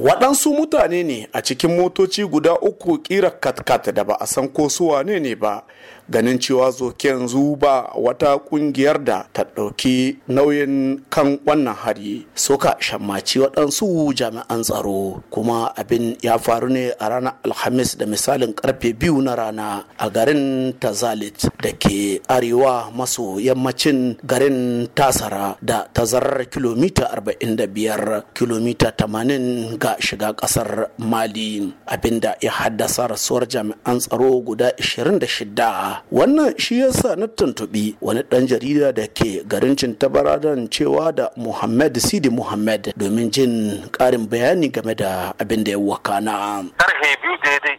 waɗansu mutane ne a cikin motoci guda uku ƙira katkat da ba a san ko su wane ne ba ganin cewa zoke yanzu ba wata kungiyar da ta ɗauki nauyin kan wannan hari suka shammaci waɗansu jami'an tsaro kuma abin ya faru ne a ranar alhamis da misalin karfe biyu na rana a garin tazalit da ke arewa maso yammacin garin tasara da tazarar kilomita 45 kilomita 80 ga shiga ƙasar mali abinda ya haddasa rasuwar jami'an tsaro guda 26 wannan shi yasa na tuntubi wani ɗan jarida da ke garin cintabaradan cewa da muhammad sidi muhammad domin jin ƙarin bayani game da abin da ya wakana biyu daidai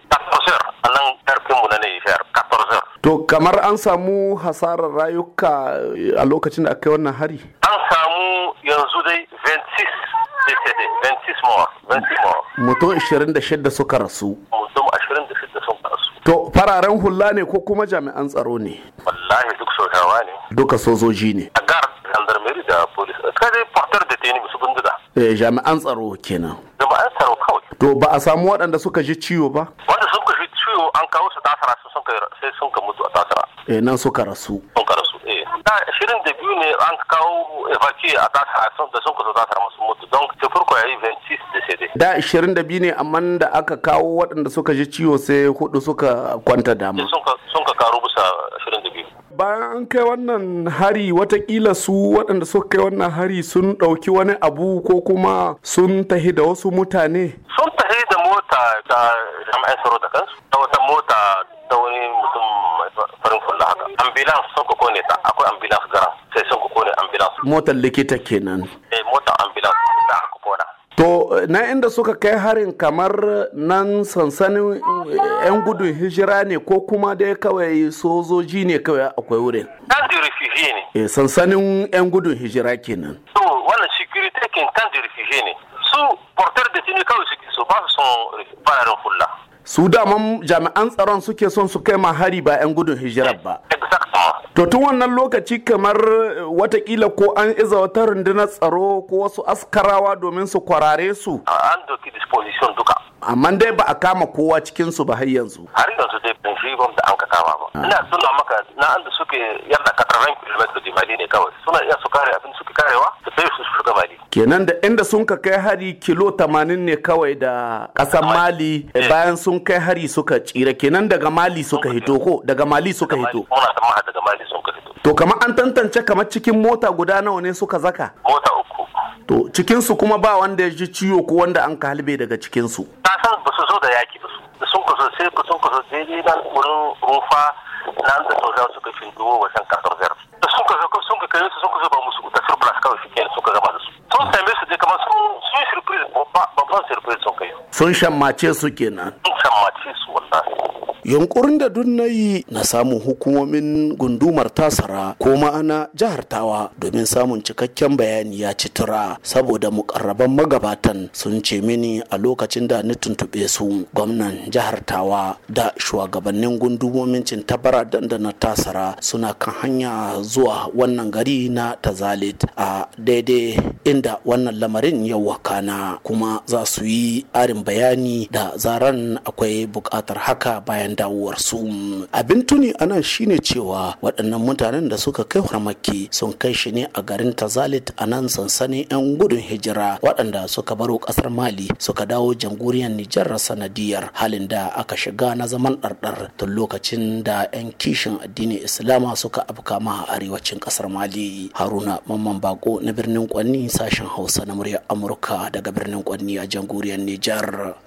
To kamar an samu hasarar rayuka eh, a lokacin da aka yi wannan hari? An samu yanzu dai 26 26 more. Mutum 26 suka rasu. To fararen hula ne ko kuma jami'an tsaro ne? Wallahi duk sojawa ne. Duka sojoji ne. A gar gendarmerie da polis. Sai dai portar da teni musu bindiga. Eh jami'an tsaro kenan. Jami'an tsaro kawai. To ba a samu waɗanda suka ji ciwo ba? Wanda suka ji ciwo an kawo su tasara sai sun ka mutu a tasara. Eh nan suka rasu. Sun ka rasu. da shirin da biyu ne an kawo evaki a tasa da sun kusa samu sun mutu don ta farko ya yi ventis da sai da shirin da biyu ne amma da aka kawo waɗanda suka ji ciwo sai hudu suka kwanta dama sun ka karu bisa shirin da biyu bayan an kai wannan hari watakila su waɗanda suka kai wannan hari sun ɗauki wani abu ko kuma sun tahi da wasu mutane sun tahi da mota ta jama'a tsaro da kansu ta wata mota ta wani mutum farin fulla haka ambulance sun ko ne ta motar likita kenan eh motar ambulance da aka kona to na inda suka kai harin kamar nan sansanin eh, yan gudun hijira ne ko kuma dai kawai sojoji ne kawai akwai wurin kan da refugee ne eh sansanin yan gudun hijira kenan to wannan security kin kan da refugee ne su portar da tini kawai suke so ba su son fararen fulla su daman jami'an tsaron suke son su kai ma hari ba yan gudun hijira ba exact to tun wannan lokaci kamar eh, watakila ko an iza wata rundunar tsaro ko wasu askarawa domin su kwarare su an doki disposition duka amma dai ba a kama kowa cikin su ba har yanzu har yanzu dai ban shi da an ka kama ba ah. ina suna maka na an da suke yadda katarren kilomita da mali ne kawai suna iya su kare abin suke karewa da sai su shiga mali kenan da inda sun ka kai hari kilo 80 ne kawai da kasan mali eh. bayan sun kai hari suka tsira kenan daga mali suka hito ko daga mali suka hito muna da to kamar an tantance kamar cikin mota guda nawa ne suka zaka mota uku to cikinsu kuma ba wanda ya ji ciwo ko wanda an kalbe daga cikinsu na san ba su zo da yaki ba su sun kusa sai sun kusa sai dai nan wurin rufa nan da sojan suka fi duwo wajen kasar zar da sun kusa sun ka su sun kusa ba musu da surplus kawai shi kenan suka gama da su sun same su dai kamar sun sun surprise babban surprise sun kai sun shammace su kenan mm, yunkurin da duk na yi samun hukumomin gundumar tasara ko ma'ana jihar tawa domin samun cikakken bayani ya ci tura saboda mukarraban magabatan sun ce mini a lokacin da ni tuntuɓe su gwamnan jihar tawa da shugabannin gundumomin cintabara da na tasara suna kan hanya zuwa wannan gari na tazalit a daidai inda wannan lamarin yau wakana kuma za su yi arin bayani da zaran akwai buƙatar haka bayan bayan su abin tuni anan shine cewa waɗannan mutanen da suka kai farmaki sun kai shi ne a garin tazalit a nan sansanin 'yan gudun hijira waɗanda suka baro ƙasar mali suka dawo jamhuriyar nijar sanadiyar halin da aka shiga na zaman ɗarɗar tun lokacin da 'yan kishin addinin islama suka afka ma a arewacin ƙasar mali haruna mamman bako na birnin kwanni sashen hausa na muryar amurka daga birnin kwanni a jamhuriyar nijar